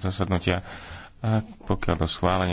zasadnutia a pokiaľ do schválenia